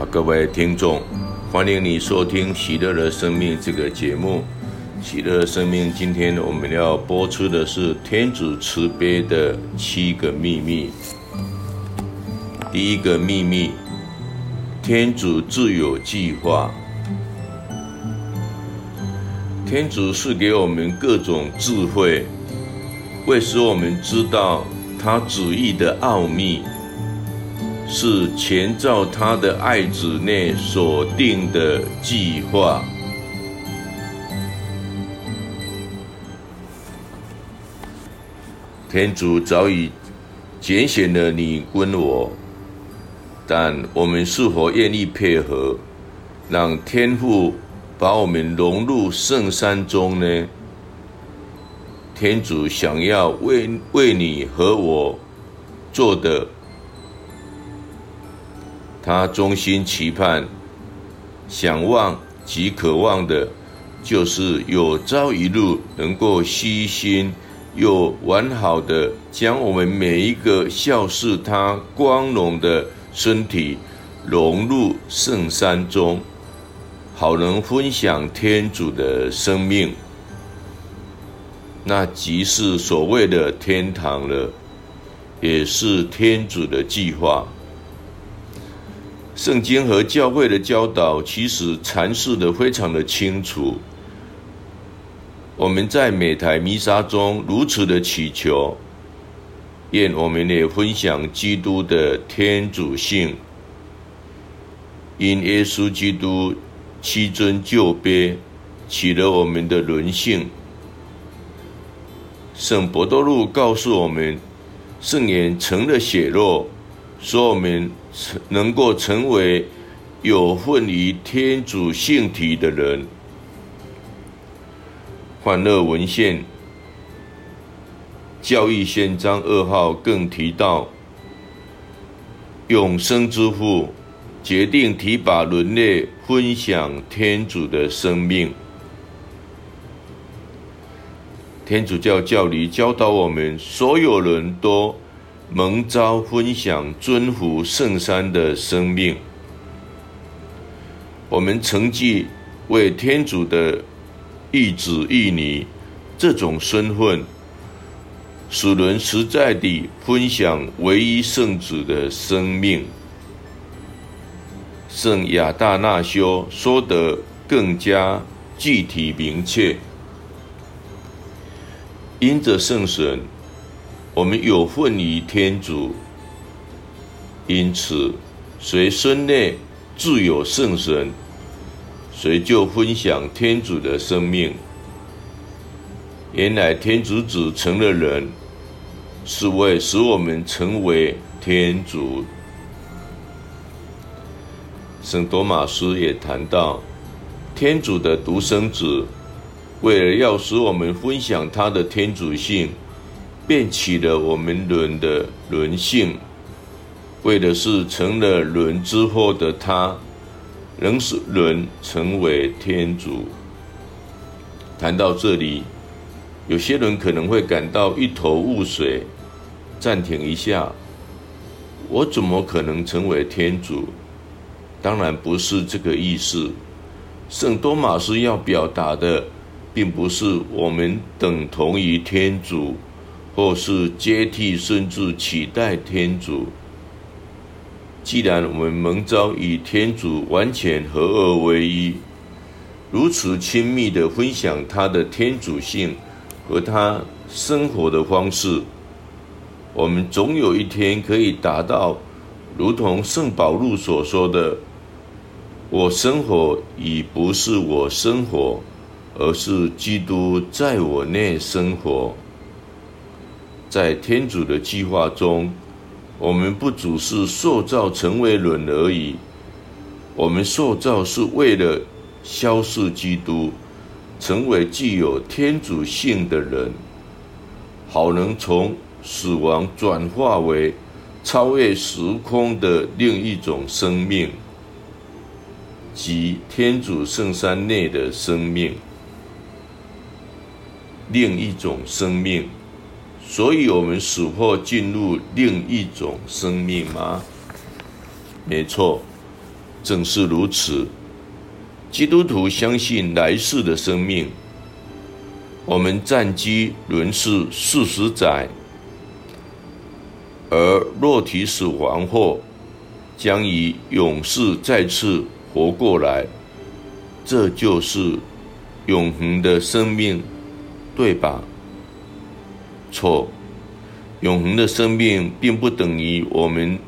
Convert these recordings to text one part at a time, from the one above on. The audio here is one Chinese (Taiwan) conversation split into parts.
好，各位聽眾，歡迎你收聽《喜樂的生命》這個節目。喜樂的生命，今天我們要播出的是天主慈悲的七個秘密。第一個秘密，天主自有計劃。天主賜給我們各種智慧，為使我們知道他旨意的奧秘。是前兆，他的愛子內所定的計劃。天主早已揀選了你跟我，但我們是否願意配合，讓天父把我們融入聖山中呢？天主想要為為你和我做的，他衷心期盼、想望及渴望的，就是有朝一日能夠悉心又完好的將我們每一個肖似他光榮的身體融入聖山中，好能分享天主的生命。那即是所謂的天堂了，也是天主的計劃。聖經和教會的教導其實闡釋的非常的清楚。我們在每台彌撒中如此的祈求，願我們也分享基督的天主性，因耶穌基督屈尊就卑取了我們的人性。聖伯多祿告訴我們，聖言成了血肉。說，我們能夠成為有份於天主性體的人。梵二文獻教義憲章二號更提到，永生之父決定提拔人類分享天主的生命。天主教教理教導我們，所有人都蒙召分享尊服聖山的生命，我們承繼為天主的義子義女，這種身份使人實在地分享唯一聖子的生命。聖亞大納修說得更加具體明確，因着聖神。我們有份於天主，因此誰身內自有聖神，誰就分享天主的生命。原來天主子成了人，是為使我們成為天主。聖多瑪斯也談到，天主的獨生子，為了要使我們分享他的天主性。便起了我們人的人性，為的是成了人之後的他，能使人成為天主。談到這裡，有些人可能會感到一頭霧水。暫停一下，我怎麼可能成為天主？當然不是這個意思。聖多瑪斯要表達的，並不是我們等同於天主。或是接替甚至取代天主。既然我們蒙召與天主完全合而為一，如此親密的分享他的天主性和他生活的方式，我們總有一天可以達到，如同聖保祿所說的：“我生活已不是我生活，而是基督在我內生活。”在天主的計劃中，我們不只是受造成為人而已，我們受造是為了肖似基督，成為具有天主性的人，好能從死亡轉化為超越時空的另一種生命，即天主聖三內的生命，另一種生命。所以我們死後進入另一種生命嗎？沒錯，正是如此。基督徒相信來世的生命。我們暫居輪世四十載，而肉體死亡後，將以永世再次活過來。這就是永恆的生命，對吧？錯，永恆的生命並不等於我們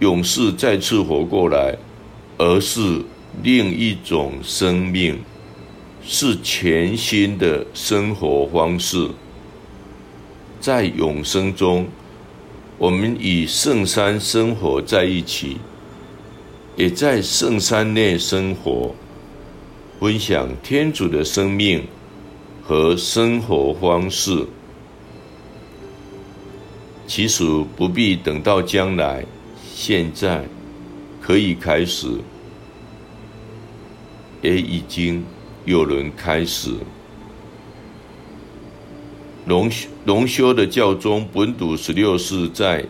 永世再次活過來，而是另一種生命，是全新的生活方式。在永生中，我們與聖三生活在一起，也在聖三內生活，分享天主的生命和生活方式。其實不必等到將來，現在可以開始，也已經有人開始。榮榮休的教宗本篤十六世在《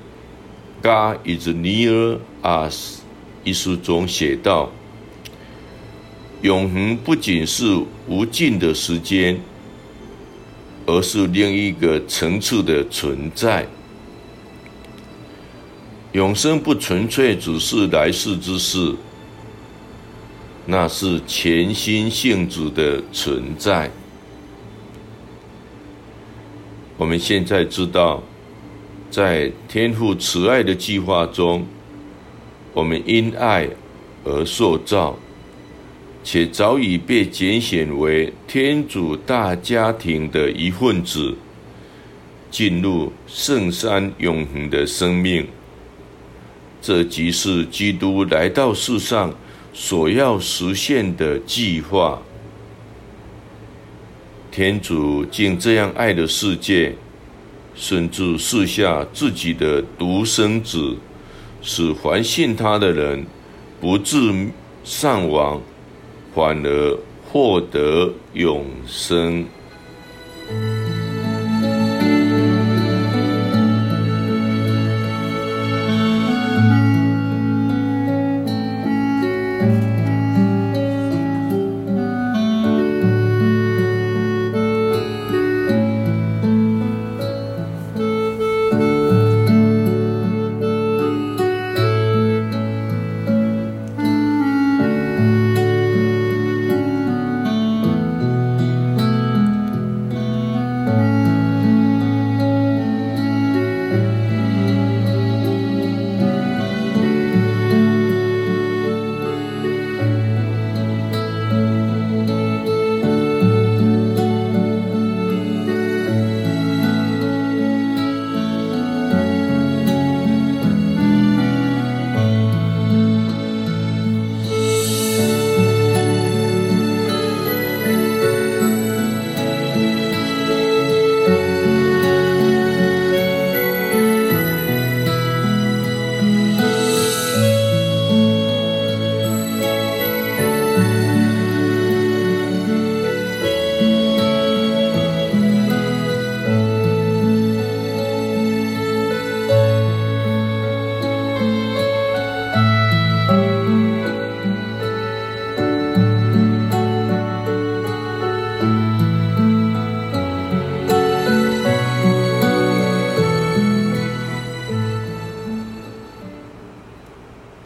God is near us》一書中寫道：“永恆不僅是無盡的時間，而是另一個層次的存在。”永生不純粹只是來世之事，那是全新性質的存在。我們現在知道，在天父慈愛的計劃中，我們因愛而塑造，且早已被揀選為天主大家庭的一份子，進入聖山永恆的生命。這即是基督來到世上所要實現的計劃。天主竟這樣愛了世界，甚至賜下自己的獨生子，使凡信他的人不致喪亡，反而獲得永生。